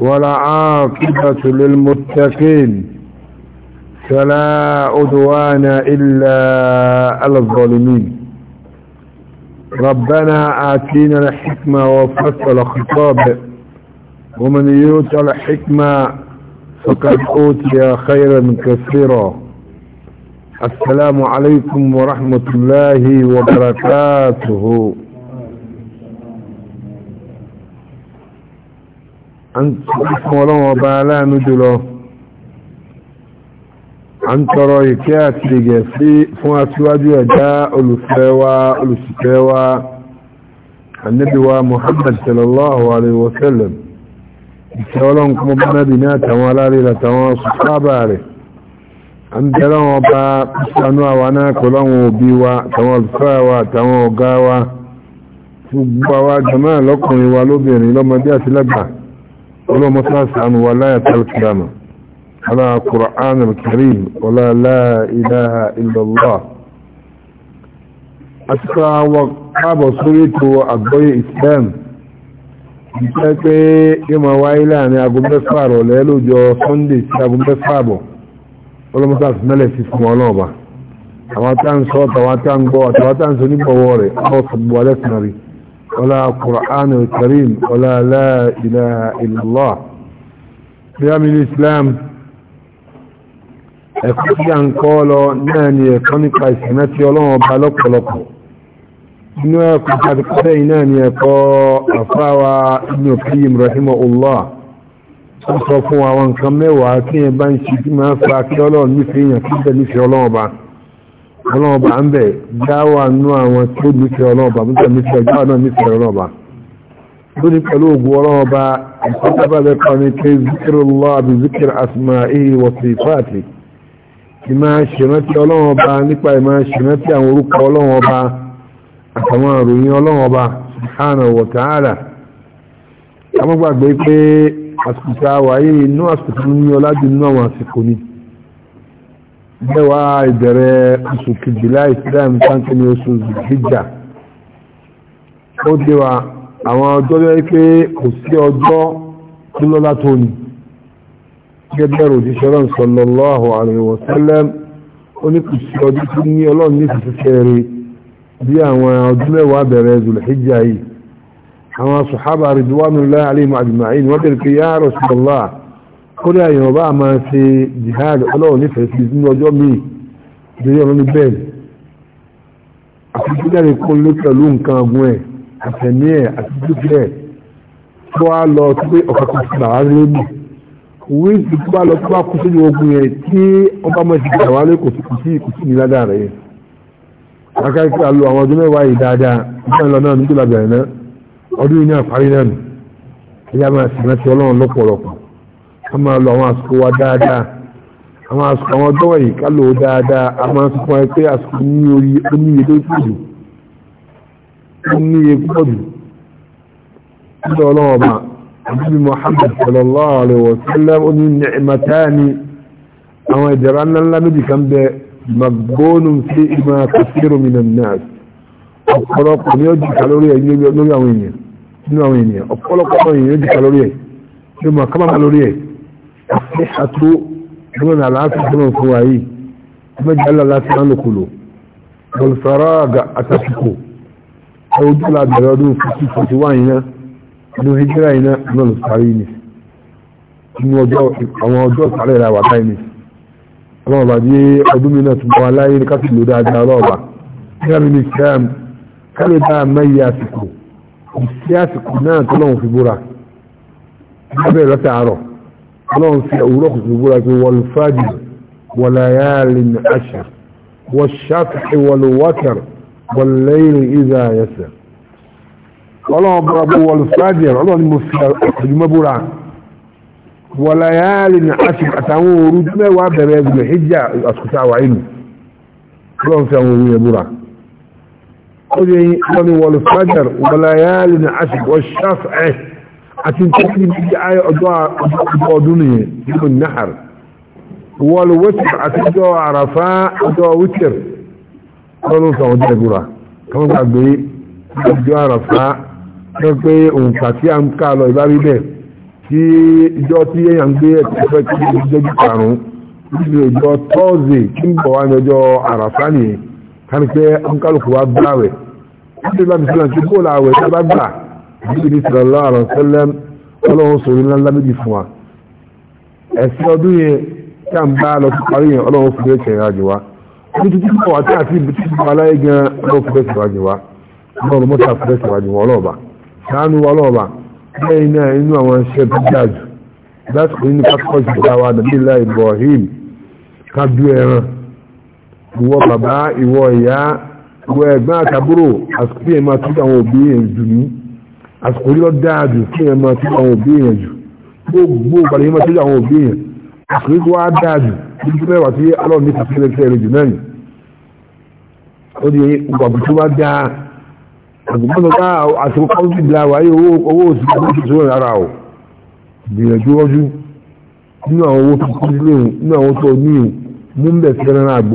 ولا عاقبة للمتقين فلا أدوان إلا على الظالمين ربنا آتينا الحكمة وفصل خطاب ومن يوت الحكمة فقد أوتي خيرا كثيرا السلام عليكم ورحمة الله وبركاته fún ọlọ́wọ́ ọba aláàánú jùlọ a ń tọrọ ìkẹ́ àti ìgẹ̀ sí fún aṣíwájú ẹ̀dá olùfẹ́ wa olùsìfẹ́ wa annabi wa muhammad sallallahu alaihi wasallam ìkẹ́ ọlọ́run kọmọ bá nábi ní àtàwọn aláàrí àtàwọn sùsábà rẹ̀ a ń tẹ́lọ́ wọn bá sánú àwa náà òbí wa ولو مصاص عن ولا القيامة على قرآن الكريم ولا لا إله إلا الله أسرى وقاب صريت وأقضي إسلام ìpẹ́pẹ́ yóò máa wáyé láàrin aago mẹ́fà rọ̀lẹ́ lójọ sunday sí aago mẹ́fà bọ̀ ọlọ́mọta àtúnmẹ́lẹ̀ sí fún ọlọ́ọ̀bà àwọn tá ń sọ àtàwọn tá ń gbọ́ àtàwọn ń sọ nígbọ̀wọ́ rẹ̀ ọ̀sọ̀gbọ̀ alẹ́sìn rí ولا قرآن الكريم ولا لا إله إلا الله يا من الإسلام ẹ̀kọ́sí à ń kọ́ lọ náà ni ẹ̀kọ́ nípa ìsìnà tí ọlọ́run ọba lọ́pọ̀lọpọ̀ inú ẹ̀kọ́ pàtàkì náà ni ẹ̀kọ́ àfáwà inú fi ìmọ̀ràhímọ̀ Allah ó sọ fún àwọn nǹkan mẹ́wàá tí ẹ bá ń ṣe tí máa ń fa kí ọlọ́run nífẹ̀ẹ́ èèyàn kí bẹ́ẹ̀ nífẹ̀ẹ́ ọlọ́run ọba ọlọ́ọ̀bà ń bẹ̀ jáwà nú àwọn tí ó nífẹ́ ọlọ́ọ̀bà mútà nífẹ́ jáwà náà nífẹ́ ọlọ́ọ̀bà tó ní pẹ̀lú ògùn ọlọ́ọ̀bà ìfọ́tábàbẹ̀ kọrin pé zikirullah àbí zikir asma'ihi wa sifati ìmá ṣìrántí ọlọ́ọ̀bà nípa ìmá ṣìrántí àwọn orúkọ ọlọ́ọ̀bà àtàwọn àròyìn ọlọ́ọ̀bà subhanahu wa mẹ́wàá ìbẹ̀rẹ̀ oṣù kejìlá islam sáńkì ní oṣù hijja ó déwà àwọn ọjọ́ lẹ́yìn pé kò sí ọjọ́ tó lọ́lá tó ní gẹ́gẹ́ òjíṣẹ́ ọlọ́run sallallahu alaihi wa sallam ó ní kò sí ọjọ́ tó ní ọlọ́run ní ìfẹ́fẹ́ rẹ̀ bí àwọn ọdún mẹ́wàá bẹ̀rẹ̀ zul hijja yìí àwọn sahaba ridwanullahi alaihim ajma'in wọ́n bẹ̀rẹ̀ pé ya rasulullah kórí àyàn ọba àmà ṣe jihad ọlọ́run nífẹ̀ẹ́ sí ní ọjọ́ míì lórí ọ̀rọ̀ ní bẹ́ẹ̀ àtúntújáde kó ló pẹ̀lú nǹkan ọgbọ́n ẹ̀ àtẹ̀mí ẹ̀ àtúntújẹ́ ẹ̀ tó wá lọ sí pé ọ̀kan kan sí làwọn lébù òwe ìtú bá lọ tó bá kú sójú ogun yẹn tí ọba mọ̀ ti gbà wálé kò sí kò sí kò sí ní rẹ̀ yẹn akáyíkí àlọ àwọn ọdún mẹ́wàá yìí dáadáa nígbà ńlọ náà nígbà bẹ̀rẹ̀ náà ọdún yìí náà parí náà nù ẹ̀yà máa sì rántí ọlọ́run lọ́pọ̀lọpọ̀ ká máa lọ àwọn àsìkò wa dáadáa àwọn àsìkò àwọn dọ́wọ̀ yìí ká lò ó dáadáa a máa sọ fún ẹ pé àsìkò ní orí oníye tó pọ̀ jù oníye pọ̀ jù ọjọ́ ọlọ́wọ́ bá àbíbí Muhammad sallallahu alaihi wa sallam ó ní ni'matani àwọn ìjọba ńláńlá méjì kan bẹ magbónum sí ìmọ̀ kasiru minan nas ọ̀pọ̀lọpọ̀ ni ó jìkà lórí ẹ̀ lórí àwọn èèyàn nínú àwọn ènìyàn ọ̀pọ̀lọpọ̀ àwọn ó jìkà lórí ẹ̀ ló mọ̀ kábàmà àtúrò ẹgbẹ́ náà láti fẹ́ràn fún wa yìí ẹgbẹ́ jẹ́lá láti máa nìkòlò bọ̀lùfàràgà àtàkùkò ẹwọ́jú lábẹ̀rẹ̀ ọdún 1541 iná ọdún hijira iná náà sàárì ní àwọn ọjọ́ sàárẹ̀ rà wà táì ní ọmọ ọba bí ọdún mi náà túnbọ̀ aláyé ní káfí lò dáadáa ọ̀rọ̀ ọba ní islam kálẹ̀ bá mẹ́yẹ àsìkò ìsí àsìkò náà tó lọ́wọ́ fi búra lábẹ́ ìrọ́sẹ̀ àárọ̀ لهم في أوراقه يقول لك والفجر وليال عشر والشفح والوتر والليل إذا يسر الله أبو والفجر الله المفجر حجم برا وليال عشر أتعوه ردنا وابد الحجة أسكتع وعينه الله أبو برا قل يقول والفجر وليال عشر والشفح àti tẹ́lẹ̀ ní ayé ọjọ́ ọdún nìyẹn nínú nahar wọ́n wítìr àti ọjọ́ àràfá ọjọ́ wítìr ọlọ́run sọ ọjọ́ ìgbòrà kọ́mọ́ gbàgbé ọjọ́ àràfá tó pé òǹkà tí a ń ká lọ ìbárí bẹ́ẹ̀ tí ìjọ tí èèyàn gbé ẹ̀kọ́ tí ó jẹ́ jù karùn-ún níbi ìjọ tọ́ọ̀zì tí ń bọ̀ wá ní ọjọ́ àràfá nìyẹn kárí pé ọ̀nkálùkù wa gbáwẹ̀ àwẹ̀ tí a bá bíbélì sọ̀rọ̀lá àrọ̀ sẹ́lẹ̀ ọlọ́run sọ̀rọ̀ ńlá ńlá méjì fún wa ẹ̀sìn ọdún yẹn tí a ń bá lọ sí parí yẹn ọlọ́run fún ẹ̀kẹ́ ìrìnàjò wa ní títí pọ̀ àti àti ìbùtí fún aláyé gan ọlọ́run fún ẹ̀kẹ́ ìrìnàjò wa ọlọ́run mọ́ta fún ẹ̀kẹ́ ìrìnàjò wa ọlọ́ọ̀bà ṣáánú wa ọlọ́ọ̀bà lẹ́yìn náà inú àwọn iṣẹ́ tó dáa jù Ibrahim kábí ẹran ìwọ bàbá ìwọ ìyá ìwọ ẹ̀gbọ́n àtàbúrò àsìkò yẹn máa tún àwọn òbí yẹn dùn ní àsìkò yìí lọ dáadù kí ẹ máa tún àwọn òbí èèyàn jù gbogbo ìgbàlẹ̀ yìí máa tún àwọn òbí èèyàn àsìkò yìí tó wá dáadù bí tó mẹ́wàá sí alọ́ ní kàkiri ẹ̀ṣẹ̀ rẹ̀ jù náà ni ó di ìgbàgbọ́ tó wá dá àgbọ̀mọ́sọ bá àsìkò kan sì dá wáyé owó òsì tó ti sọ̀rọ̀ rárá o gbìyànjú ọjọ́ nínú àwọn owó tó kọ́ sílé òun nínú àwọn tó ní òun mú ń bẹ̀ fẹ́ràn àgbò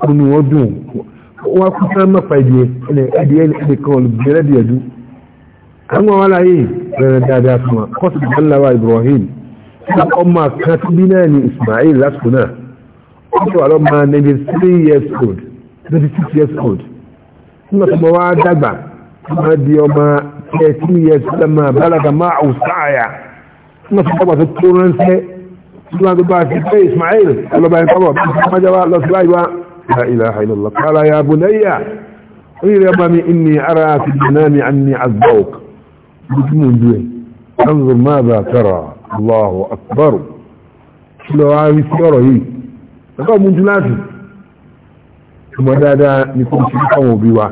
fún mọ̀ wọ́n kú fẹ́ mọ́fà ìdíyẹ ilẹ̀ adìyẹ nìkan olùbẹ̀rẹ̀ díẹ̀ dú àwọn wọn láyé rẹ̀rẹ̀ dáadáa fún wa kọ́sì ìdánláwà Ibrahim tí ọmọ kan tí náà ni Ismail lásìkò náà ó tó 3 years old 36 years old nígbà tó mọ́ wá dàgbà ọmọ years old máa bálaga máa ò sáàyà nígbà tó dàgbà tó tó ránṣẹ́ nígbà tó bá ti fẹ́ لا إله إلا الله قال يا بني قيل يا بني إني أرى في المنام عني عذبوك بجمون دوين انظر ماذا ترى الله أكبر لو عاوي سيره هي من جلاتي ثم دادا نكون شيئا بيوا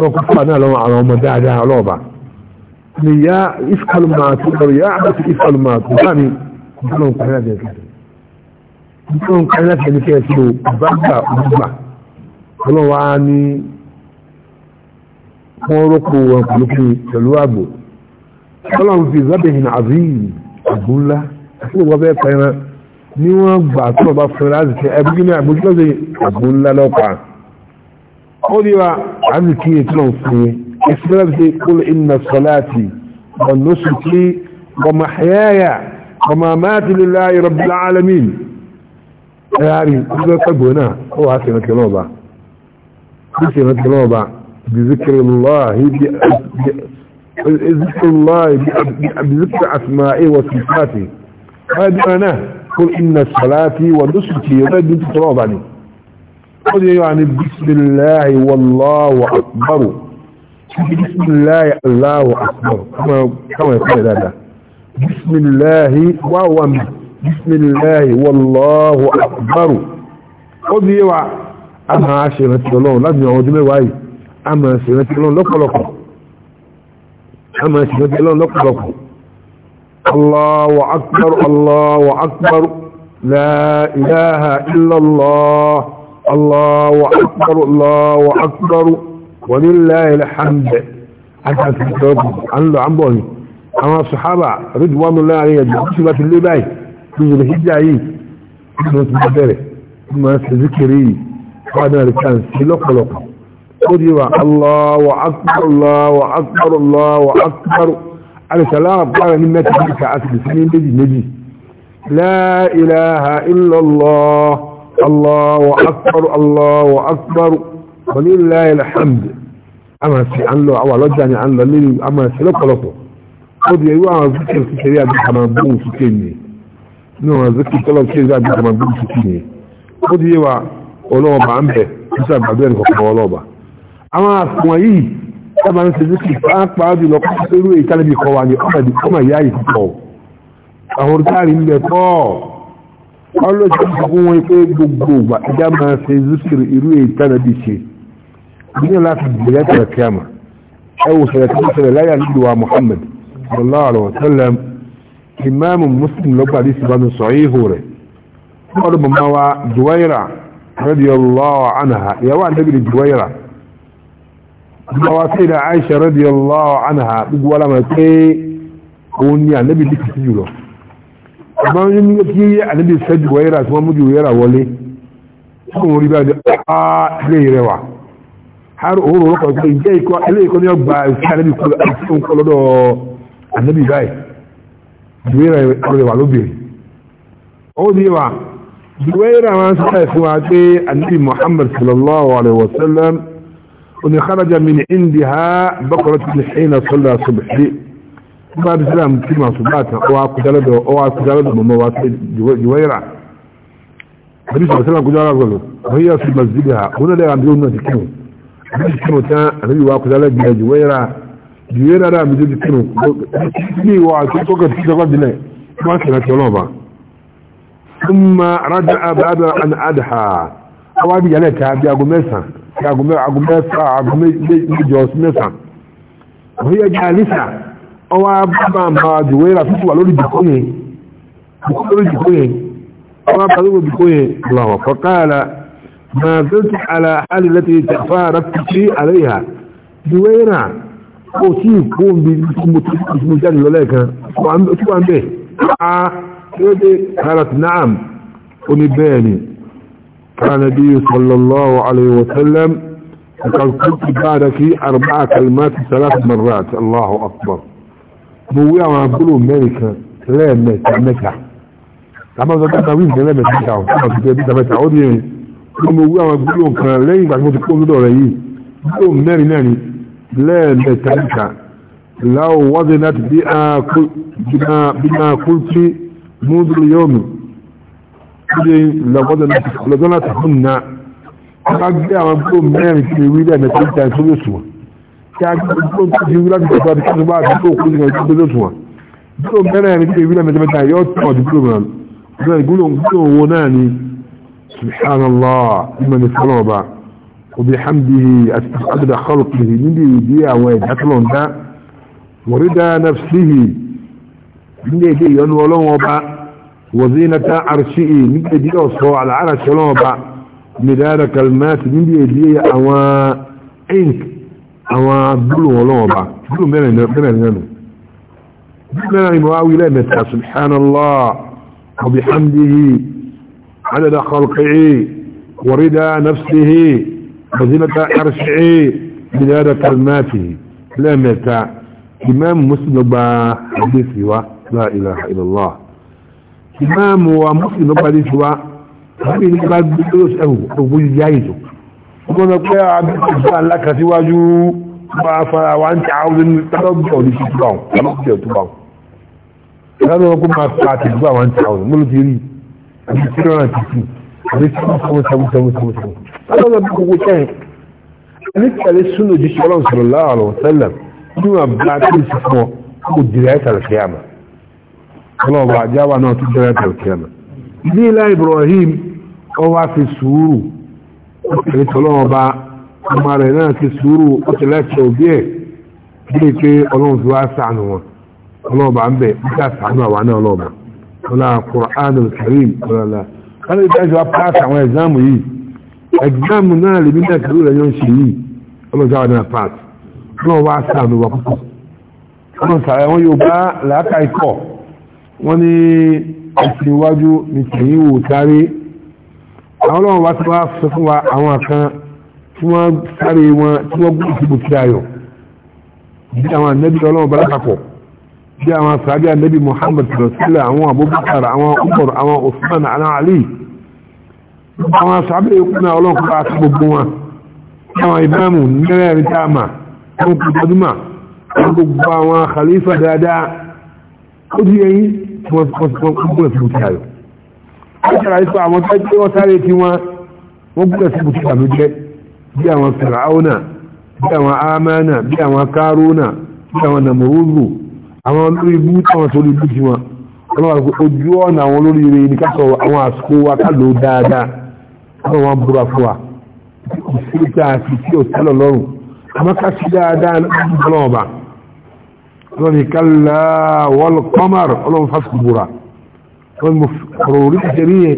وقفنا لهم على ما دادا لوبا يا افعل ما تقدر يا عبد افعل ما تقدر قالوا كذا كذا nítorí nǹkan láti ẹni kí ẹ ṣe bá gbà gbà ọlọ́wà ní wọ́n rọ́pò wọn pẹ̀lú kí pẹ̀lú àgbò ọlọ́run fi ìzábẹ̀yìn àbíyìn àgbò ńlá àti ìwọ bẹ́ẹ̀ pẹ̀rẹ̀ ní wọ́n gbà tó ọba fún láti ṣe ẹbí kí ní àgbójúlọ́sẹ̀ àgbò ńlá lọ́pàá ó ní wa àmì kí ètò ẹ̀yàrí ọjọ́ pẹ̀gbọ́ náà ó wà sí ìrántí ọlọ́ọ̀bá bí sí ìrántí ọlọ́ọ̀bá bí zikiri lọ́ọ̀hí bí zikiri asma'i wa sifati wáyé bí wọn náà kó inna salati wa nusuki ọjọ́ bí zikiri ọlọ́ọ̀bá ni ó di yóò ní bisimilahi wallahu akbaru bisimilahi allahu akbaru kama ẹ̀kọ́ rẹ̀ dáadáa bisimilahi wáwọn mi بسم الله والله أكبر قد يوع أما عشرة الله لازم يعود وعي أما عشرة الله لك لك أما عشرة الله لك لك الله أكبر الله أكبر لا إله إلا الله الله أكبر الله أكبر ولله الحمد أنا تتوقف عن عن بوني أما الصحابة رضوان الله عليه جمعوا اللي باي ثم لهجة عيه ثم تبدره ثم نسل ذكره فعدنا لكان سلوك لوك قدوا الله أكبر الله أكبر الله أكبر على سلام قال لما تبقى أكبر سنين نجي نجي لا إله إلا الله الله أكبر الله أكبر ولله الحمد أما سي عن له أو رجعني عن له أما سلوك لوك قدوا يوانا ذكر في شريعة الحمام بوسكيني ní ọ̀rọ̀ zikir tọ́lọ̀ kí ẹ̀zá bí kọmọ̀ gbígbì tuntun ni ó di yíwa ọlọ́ọ̀bà ń bẹ̀ títà gbàgbẹ́ nìkan ọlọ́ọ̀bà àwọn àfihàn yìí sábà ń ṣe zikir pàápàá jùlọ pẹ̀lú ìtàlẹ́bí kọ wa ni ọmọdé kọmọ ìyá yìí pọ̀ àwọn gáàrí ń bẹ pọ̀ ọlọ́ọ̀tì fún wọn pé gbogbo ìgbà ẹja máa ṣe zikir irú ìtàlẹ́bí ṣe ìgbìyànjú láti gbìyànjú imaamu muslim ló gbàdí sí bánu sọ̀híhù rẹ̀ ọdún mọ̀mọ́ wa juwaira radiyallahu anha ìyàwó àdébìrì juwaira mọ̀mọ́ wa sayida aisha radiyallahu anha gbogbo wa lámà pé òun ni ànábì bí kìí jùlọ ọmọ yín kí ànábì fẹ́ juwaira tí wọ́n mú juwaira wọlé fún orí bá jẹ́ ilé ìrẹwà har òun rọ̀rọ̀ kan pé ìjẹ́ ikọ́ ilé ìkọ́ ní ọgbà ìfẹ́ ànábì kọlọ́dọ̀ ànábì báyìí ìdúwẹ́rẹ̀ ọ̀rẹ́ wà lóbìnrin ó ní wà ìdúwẹ́rẹ̀ wọn sọ́rọ̀ fún wa pé ànábì muhammad sallallahu alaihi wasallam oní kharaja min indiha bọ́kọ̀rọ̀ ti hìnà sọ́lá subhi bá bí sílám tí ma sọ bá tán ọwá kújálọ́dọ̀ ọwá kújálọ́dọ̀ mọ́mọ́ wa sí ìdúwẹ́rẹ̀ àbí sọ̀rọ̀ sílám kújálọ́dọ̀ gọ̀lọ̀ wọ́n yẹ sí masjidha wọ́n lẹ́yìn àbí ó náà ti kírun àbí kírun tán àbí wà kújálọ́dọ̀ ìwé dáadáa mi tètè kírun ní ìwọ àti kókò tí kókò dilẹ̀ má kìlá tí ọlọ́ọ̀bà ọmọ arájà abáàbà àni àwọn àbí bí méjọ yẹ ọwọ́ wà lórí yẹn lórí yẹn ọwọ́ lórí yẹn lọ́wọ́ fọ́kàlà kò tí ì kó mi mo ti mo jáde lọ lẹ́ẹ̀kan tí wọ́n bẹ̀ á tí ó dé karat naam ó ní bẹ́ẹ̀ ni kánàbí sallallahu alayhi wa sallam قد كنت بارك اربع كلمات ثلاث مرات الله اكبر بويا ما بقولوا ملكة لا ملكة ملكة لما ذكرت وين لا ملكة كما تبي تبي تعودي بويا ما بقولوا كان لين بعد ما تكون دور ايه بقولوا ملكة لمتنك لو وزنت بما, بما قلت منذ اليوم لوزنتهن kágbé àwọn gbóò mẹ́rin tí ìwé ilẹ̀ mẹ́ta ń tàn sórí òṣùwọ̀n kí a gbé gbóò tó ti wí láti gbàgbà àti kíkọ́ bá àti tó kú nígbà tó gbélé òṣùwọ̀n gbóò mẹ́rin tí ìwé ilẹ̀ mẹ́ta mẹ́ta yóò tàn ọdún gbóò mẹ́rin gbóò owó náà ni subhanallah ìmọ̀ ní sọ́lọ́ ọba وبحمده عدد خلقه من يديع ويدعتلون دا ورد نفسه من دي ينولون وبا وزينة عرشئي من دي وصوى على عرش ولون وبا مدار كلمات من دي أوا إنك أوا دلو ولون وبا مرن مرن ننو بلو مرن نواوي لا سبحان الله وبحمده عدد خلقه ورد نفسه فضيلة أرشعي بداية كلماته لا متى إمام مسلم با حديثي و لا إله إلا الله إمام ومسلم با حديثي و هذه نقبال بلوس أهو أبو جايزه ومن أقول يا عبد الله لك سواجه وعفا وأنت عاوز أن تربيه لشتبعه تربيه تبعه هذا هو كما فاتح وأنت عاوز ملو تريد أبو تريد àbí seven seven seven seven seven seven ọlọ́run bí gbogbo tẹ́ ẹ̀ ní kẹlẹ́ súnú jíṣẹ́ ọlọ́run sọ̀rọ̀ láàrọ̀ sẹ́lẹ̀ ní wọn bá tí ó sì fún ọ kò dìrẹ́ ẹ̀tàlẹ̀ kí àmà ọlọ́run bá jáwà náà tó dìrẹ́ ẹ̀tàlẹ̀ kí àmà ilé ilá Ibrahim ọ wá fi sùúrù ẹ̀rí tọ́lọ́run bá ọmọ rẹ̀ náà fi sùúrù ó ti lẹ́kẹ̀ẹ́ òbí ẹ̀ bí pé ọlọ́run fi wá sànù wọn ọlọ́run bá ń bẹ̀ bí ká sànù àwa náà ọlọ́run bá ọlọ́run Qur'an kálí ìdájọ́ wa paasi àwọn ẹ̀gzámù yìí ẹ̀gzámù náà lèmi náà kàlú rẹ̀ yóò ṣe yìí ọlọ́jà wa náà paasi náà wá sàánù wà púpọ̀ wọ́n sàárẹ̀ wọ́n yóò bá làákà ikọ̀ wọ́n ní ẹ̀sìn iwájú ní tẹ̀yìn wò sáré àwọn ọlọ́run wá ti wá sọ fún wa àwọn kan tí wọ́n sáré wọn tí wọ́n gbé ìdìbò kí ayọ̀ bí àwọn ànẹ́bí ọlọ́run bá lápapọ̀ bí àwọn sàbí ànábì muhammad rasulullah àwọn abubakar àwọn umar àwọn usman àwọn ali àwọn sàbí ìkúnná ọlọ́nkọ́ àti gbogbo wọn àwọn ìbámu mẹ́rẹ̀ẹ̀rin táàmà wọn kò gbọdúmà wọn gbogbo àwọn khalifa dáadáa ó di ẹyin tí wọ́n gbọ́dọ̀ sí bùtà rẹ̀ wọ́n tẹ̀lé àìsàn àwọn tó tí wọ́n sáré tí wọ́n wọ́n gbọ́dọ̀ sí bùtà ló jẹ́ bí àwọn sàràáwọ̀nà bí àwọn amánà bí àwọn kárọ́nà bí àwọn nàmọ́rọ́rù àwọn olórí ibú táwọn tó lè bú jí wọn ọlọ́wọ́ ojú ọ̀nà àwọn olórí ire ní kásọ̀ àwọn àsìkò wa kálò dáadáa káwọn wọn búra fún wa ìṣẹ́jà àti tí ò tẹ́lọ̀ lọ́rùn àmọ́ ká sí dáadáa lọ́wọ́ ọba ọlọ́ni kálá wọ́lkọ́mọ̀r ọlọ́run fásitì búra ọlọ́ni ọ̀rọ̀ orí ìṣẹ́rí yẹn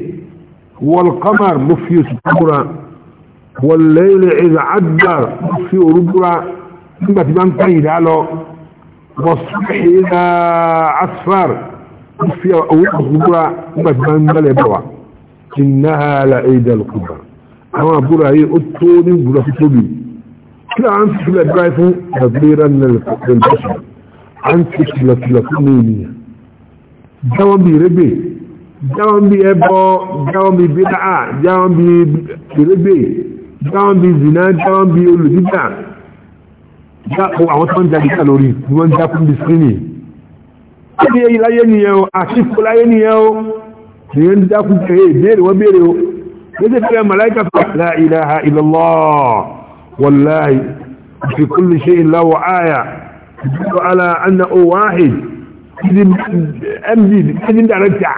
wọ́lkọ́mọ̀r والصبح إذا أصفر في أول الغبرة مثلا بل إنها لعيد القبر أما برا هي أتوني برا في كلا عنك في الأبرايف تدبيرا للبشر عنك في الأبرايف جوان بي ربي جوان بي بيبو جوان بي بيبدعة جوان بي ربي جوان بي بيزنا جوان بيولو بيبدعة àwọn tó ń jà dìkà lórí wọ́n ń já fún bí skrini àti èyí láyé nìyẹn o àṣìkò láyé nìyẹn o nìyẹn ń já fún kẹrẹ ìbéèrè wọ́n béèrè o lẹ́sẹ̀ fẹ́rẹ̀ màláìkà la ilaha illallah wallahi fi kulli shay'in lahu aya tadullu ala annahu wahid idin md idin director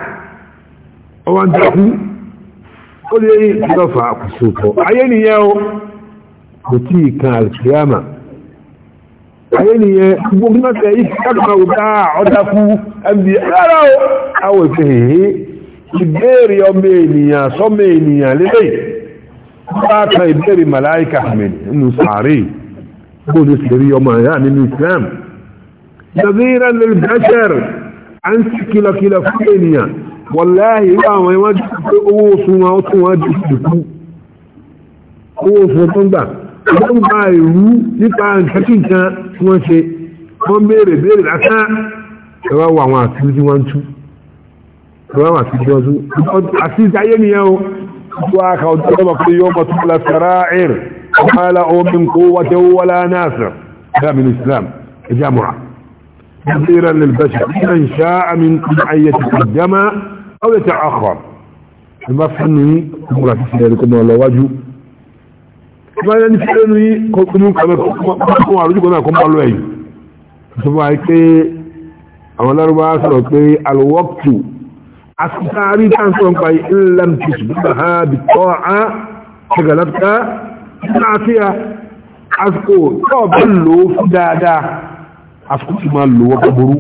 ọwọ́n já fún ayé nìyẹn gbogbo mẹ́ta yìí kàtàkà òkà ọ̀dà fún ẹ̀mí rárá o àwọn ìfẹ́ èyí ìbéèrè ọmọ ènìyàn sọmọ ènìyàn lélẹ̀ bá kan ìbéèrè màláìkà mi nínú sàárè bó ní sèrí ọmọ ẹ̀yà nínú Islam nàzíra lórí bẹ́ṣẹ̀r à ń fún ènìyàn wọ̀láhì irú àwọn ẹ̀wọ̀n owó oṣù wọn ó tún wọn dìkú owó oṣù tó ń gbà wọ́n gba ìrú nípa nǹkan kan tí wọ́n ṣe wọ́n béèrè béèrè lásán ẹ wá wọ àwọn àti tí wọ́n ń tú ẹ wá wọ àti tí wọ́n tú àti ayé nìyẹn o wọ́n á ka ọjọ́ ọmọ pé yóò mọ̀ tó la sara ìbáyé ní fílẹ̀ ní kọkùnrin kàmẹ́ fún àrùjúkọ náà kún bọ́lọ́ ẹ̀yìn tó bá yí pé àwọn lárúbá sọ̀rọ̀ pé alwọ́pù asùsáárí táǹsọ̀ ń pa ilẹ̀ ti ṣùgbọ́n ha bí tọ́ á ṣẹgàlátà náà sí a àsìkò tó bá lò ó fún dáadáa àsìkò tó máa lò wọ́pọ̀ burú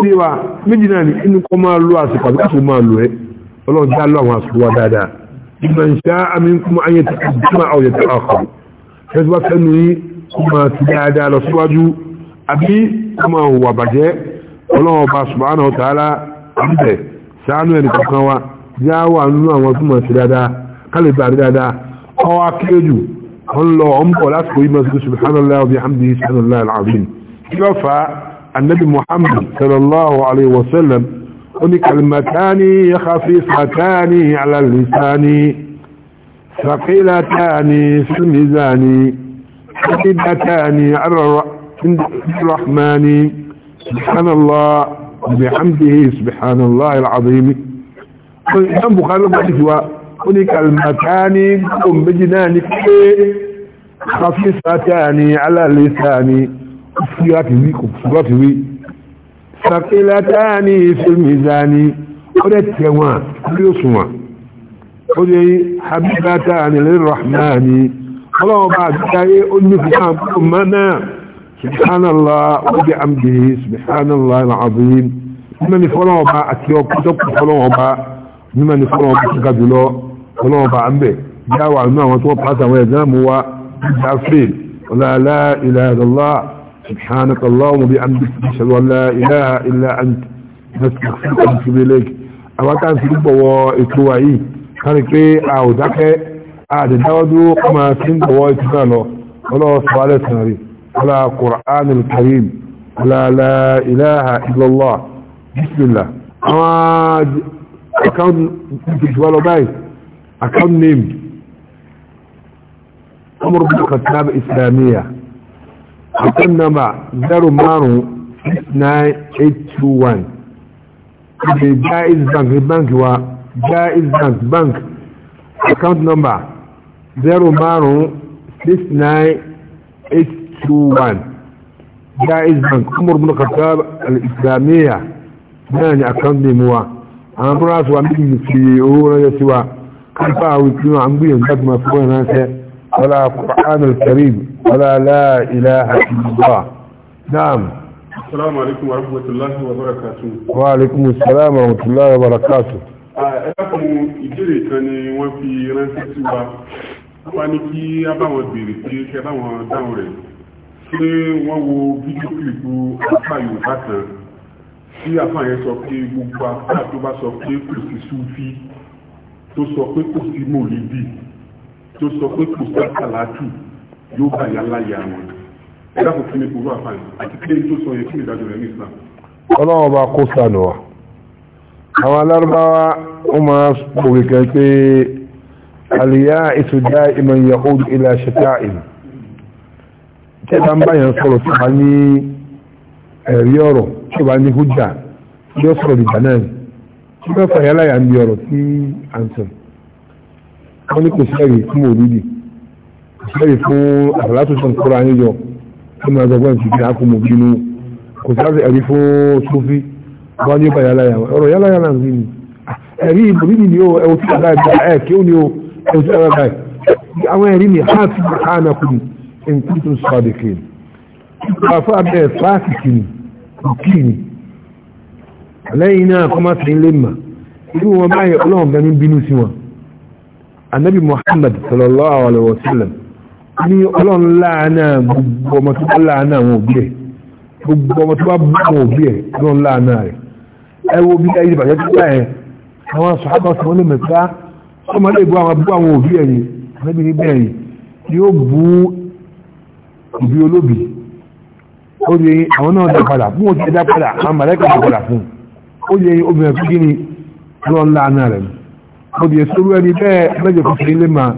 sí wa méjì náà ní inú kọ́ máa lo àsìkò àbíkàṣe máa lò ẹ́ ọlọ́run já lọ àwọn àsìkò wa dáadáa لمن شاء منكم أن يتقدم أو يتأخر فإذا كانوا كما تدعى على سواجه أبي كما هو بجاء الله سبحانه وتعالى أبدا سألوا أن تقنوا جاءوا أنه وكما تدعى قال بار دادا أو أكيدوا قال له أمك ولا تقول سبحان الله وبحمده سبحان الله العظيم كيف النبي محمد صلى الله عليه وسلم هناك كلمتان خفيفتان على اللسان ثقيلتان في الميزان حبيبتان على الرحمن سبحان الله بحمده سبحان الله العظيم الإمام بخاري رحمه هناك كلمتان قم بجنان خفيفتان على اللسان sàkílátà ní ìfìlmìzà ní ó dẹ̀ tẹ̀wọ̀n lórí òṣùwọ̀n ó dẹ̀ habibata ní lérọ̀hmáni ọlọ́ọ̀bá àgbáyé ó ní fún mọ́nà subhanallah ó dẹ̀ àmì subhanallah al'azim mímọ̀ ní fọ́lọ́ọ̀bá àti ọkùnrin fọ́lọ́ọ̀bá mímọ̀ ní fọ́lọ́ọ̀bá tó ga jùlọ fọ́lọ́ọ̀bá ń bẹ̀ yáwà nínú àwọn tó pàtàkì ẹ̀dá mú wa ìjà fèl ọ̀lá سبحانك اللهم بأمدك أشهد أن لا إله إلا أنت نستغفرك ونتوب إليك àwọn tá à ń fi gbọ̀wọ́ ètò wa yìí kárí pé a ò dákẹ́ àdìdáwọ́dú ọmọ sí ń gbọ̀wọ́ ètò náà lọ ọlọ́wọ́ sọ alẹ́ sàn rí ọlá kùránì karim ọlá ìlàhà ìlọ́lá bísmìlá àwọn account ìjọba lọ báyìí account name ọmọ rúbùkà tàbí islamiyya akan namba 05821 ibi jaiz bank bank wa jaiz bank bank account number 0569821 jaiz bank umar bin khattab al-islamiyya nani account name wa àwọn bọ́rọ̀ àti wà méjì fi owó rẹ̀ sí wa kápá àwọn ìpínlẹ̀ àmúgbìyànjú láti máa fún ẹ̀ránṣẹ́ ọlá Qur'an al-Karim ولا لا إله إلا الله نعم السلام عليكم ورحمة الله وبركاته وعليكم السلام ورحمة الله وبركاته ẹ̀kùn ìbéèrè kan ni wọ́n fi ránṣẹ́ sí wa wá ní kí a bá wọn béèrè pé kẹ bá wọn dáhùn rẹ̀ ṣé wọ́n wo fídíò kìlìpù apá yorùbá kan tí apá yẹn sọ pé gbogbo apá tó bá sọ pé kò sí súfí tó sọ pé kò sí mòlíbì tó sọ pé kò sí àkàlàtù yóò bá yàrá yà wọn ẹ̀dá kò kíni kúrò àfààní àti kíni tó sọ yẹ kíni ìdájọ́ rẹ̀ ní Islam. ọlọ́wọ́ bá kó sànù wa àwọn alárúbáwá ó máa kòwé kan pé àlìyá ìtúdá ìmọ̀ yahudu ilẹ̀ ṣẹta ìlú tẹ́ta ń báyàn sọ̀rọ̀ tó bá ní ẹ̀rí ọ̀rọ̀ tó bá ní hújà yóò sọ̀rọ̀ dìgbà náà tí wọ́n fà yálà ń bí ọ̀rọ̀ tí à ń sọ wọ́n ní kò sí fún òrìdì ìfẹ́rẹ̀ fún àtàlátòsàn kóra yín yọ tó máa gbọ́gbọ́n ti fi àkùnmù bínú kò sáfẹ́ ẹ̀rí fún súfí wọ́n ní ọba yàláyà ọ̀rọ̀ yàláyà náà sí ni ẹ̀rí ìbò níbi ni ó ẹ̀wọ̀ tí àgbà ìgbà ẹ̀ kí ó ní ó ẹ̀wọ̀ tí àgbà ìgbà àwọn ẹ̀rí ni ha ti ha na kù nǹkan tó sọ àdè kiri àfọ abẹ́ fáàkì kiri òkì ni lẹ́yìn náà kọ́ máa fi lé mà irú wọn báyìí ọlọ́run bẹ́ẹ̀ bínú sí wọn anabi muhammad sallallahu alaihi wa sallam ní ọlọ́run láàánà gbogbo ọmọ tó bá láàánà àwọn òbí ẹ̀ gbogbo ọmọ tó bá bá àwọn òbí ẹ̀ ọlọ́run láàánà rẹ̀ ẹ wo bí ayé ìbàjẹ́ tó bá ẹ̀ àwọn sàábà sọ wọ́n lè mẹ́ta ọmọ lè bú àwọn abúgbò àwọn òbí ẹ̀ yìí níbi níbẹ̀ yìí yóò bú ìbí ó lè àwọn obìnrin tó kí ni ọlọ́run láàánà rẹ̀ ó lè sórú ẹni bẹ́ẹ̀ mẹ́jọ kò ilé máa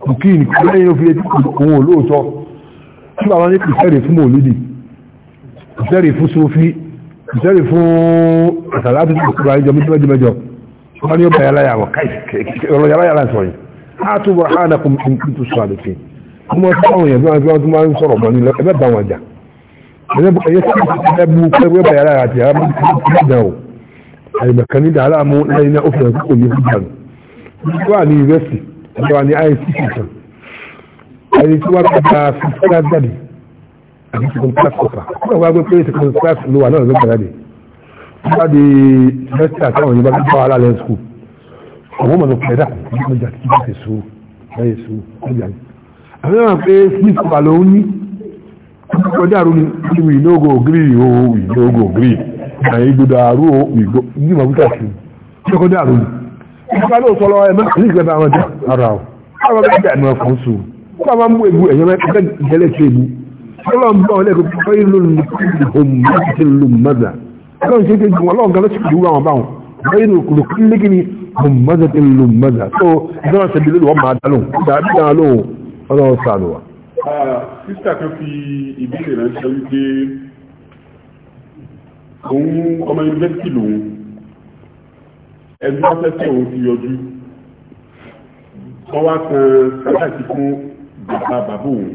kùkíìnì kílẹ̀ yóò fi etí òun olóòtọ́ tí bàbá ní kìsẹ́rì fún mòlúdì kìsẹ́rì fún sófí kìsẹ́rì fún àtàlátì tó kúrò àìjọ mẹ́jọ mẹ́jọ wọ́n ni ó bẹ̀rẹ̀ láyàwó ọ̀rọ̀ yàrá sọ yìí a tún bọ̀ hánà kún kún kún tó sọ àdókè ọmọ tí àwọn èèyàn bí wọ́n ti máa ń sọ̀rọ̀ mọ́ ní ẹgbẹ́ bá wọn jà ẹyẹ sí ẹgbẹ́ bú pẹ́gbẹ́ bẹ̀rẹ̀ láyà àti yàrá mọ́ àyẹ̀mẹ̀kan ní dàálàmú lẹ́yìn náà ó fi hàn kókò yìí fún jàǹdù wọ́n wà ní yunifásitì ìjọba ní ayé sí ìtàn ẹni tí wọ́n kọjá fífúnra jáde àti ṣùgbọ́n class kọpa wọ́n wá gbé pé ṣùgbọ́n class ló wà náà ló gbàdá dé wọ́n bá di semester àtàwọn yìí bá gbé báwa lálẹ́ school àwọn ọmọ náà pẹ̀lú àkókò ní ọjà tí wọ́n ti so ẹ̀yẹ so ọjà ni àwọn yàrá pé smith kọpa ló ń ní kọjá àrùn ní ìlú ìlógo green o oh, ìlógo green àyè gbọdọ̀ àrùn oh, o sí kọjá àrùn ni ìgbà lóòótọ́ lọ́wọ́ ẹ̀ mẹ́ta nígbà bá wọn jẹ́ ara ọ̀ àwọn bẹ́ẹ̀ dà ní wọn kàn sùn wọ́n máa ń mú ebu ẹ̀yọ́ mẹ́ta ìjẹ́lẹ̀ tó ebu ọlọ́run bá wọn lẹ́kọ̀ọ́ pé lónìí kan shi kai kuma lawan galaci duwa ma bawo bayin kullu kullu gini hummazatin lummaza so zama sabilu wa ma dalu da da lo ọ̀rọ̀ sanuwa ah sister kan fi ibile ran ṣe wípé òun ọmọ university lòun ẹni wọ́n fẹ́fẹ́ òun ti yọjú wọ́n wá kan sáláàtì fún bàbá bàbá òun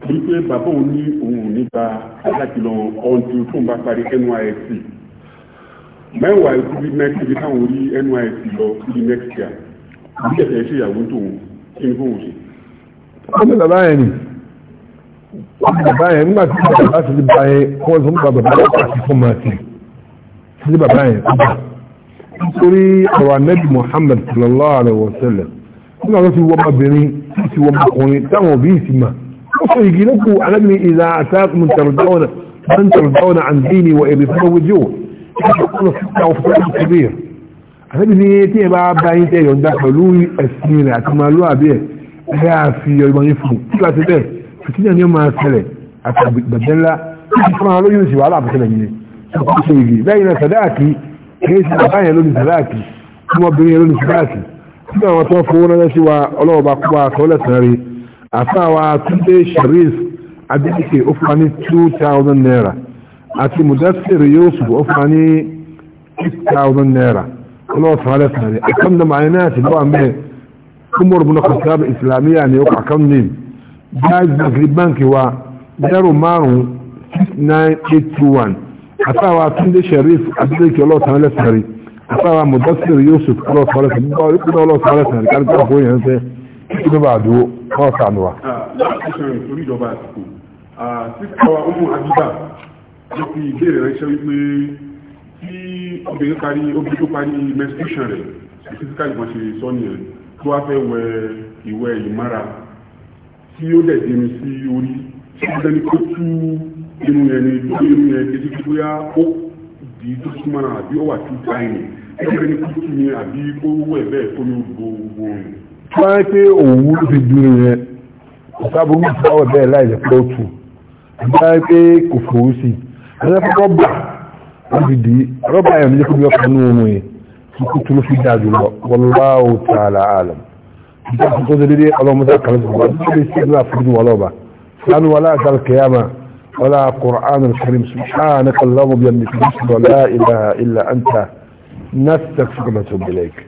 torí pé bàbá òun ní òun nípa sáláàtì lọ ọ̀ǹtì tó ń bá parí nysc mẹ́wàá ikú bí mẹ́tì bí káwọn orí nysc lọ bí next year bí ẹ̀fẹ̀ ṣe ìyàwó tòun kí ni fóun ṣe. ọmọ bàbá yẹn ni bàbá yẹn nígbà tí bàbá ti di báyẹn kọ́ ọ̀sán bàbá bàbá ti fún màá sí sí bàbá yẹn kọ́ nítorí ọ̀rọ̀ anẹ́bì Muhammad sallallahu alaihi wasallam nínú àwọn tí wọ́n obìnrin tí wọ́n ọkùnrin táwọn òbí sì mà ó sọ igi lókù anẹ́bì ìlà àtàkùn tàrùdáwọ̀nà àndínì wọ èbè fún owó jò anẹ́bì ní tí ẹ bá bá yín tẹ́ yọ̀ǹda pẹ̀lú ẹ̀sìn rẹ̀ àti màálù àbẹ́ ẹ̀ á fi ọgbọ̀n yín fún tí wàá ti bẹ́ẹ̀ fìtínà ni ó máa ṣẹlẹ̀ àti àgbẹ̀dẹ́lá fún àwọn olóyún ìṣèwà kìí ṣe bàbá yẹn lónìí sàdáàkì ọmọbìnrin yẹn lónìí sàdáàkì tí àwọn tó fowó ránṣẹ́ sí wa ọlọ́wọ́ bá kó wa àtọ́lẹ̀ sáré àfáàwà túnde sharif adédìkè ó fún wa ní two thousand naira àti mudassir yusuf ó fún wa ní six thousand naira ọlọ́wọ́ sàrẹ́ sáré àkàndà màáyé náà ti lọ́wọ́ mẹ́ umar bin khattab islamiyya ni ó kọ́ àkàndì jazz bank wa zero márùn six nine eight two one àtàwà túnde sharif adélékè ọlọ́ọ̀tàn lẹ́sàrí àtàwà mudasir yusuf ọlọ́ọ̀tàn lẹ́sàrí nígbà ọlọ́ọ̀tàn lẹ́sàrí káríkà fún yẹn fẹ́ kí ló bá dúró kọ́ sànù wa. Ah, láti ṣe ìtorí ìjọba àsìkò ah, sísàwà ọmọ àbíbà ló fi ìbéèrè ránṣẹ́ wípé tí obìnrin parí obìnrin tó parí menstruation rẹ̀ specifically wọ́n ṣe sọ nìyẹn tó wá fẹ́ wẹ ìwẹ̀ ìmára tí ó dẹ̀ dẹni sí orí tí ó dẹni kó tú inú yẹn ni dúró inú yẹn kí títí bóyá ó di tó súnmọ́ náà àbí ó wà tí táyìn ẹgbẹ́ ní kúkú ni àbí ó wẹ̀ bẹ́ẹ̀ tó ní gbogbo rẹ̀. wọ́n pé òun ló fi dúró yẹn ọ̀sáàbù ń bá wọ̀ bẹ́ẹ̀ láì lẹ̀ pọ̀ tù wọ́n pé kò fòó sí ẹgbẹ́ rọ́bà wọ́n fi dì í rọ́bà yẹn ní kó bí ọkọ̀ nínú òun yẹn kúkú tó ló fi dáa jùlọ wallahu ta'ala alam ìjọba tó dédé ọlọ́mọdé kàlẹ́ ولا قرآن الكريم سبحانك اللهم بيمنك لا إله إلا أنت نستغفرك ونتوب إليك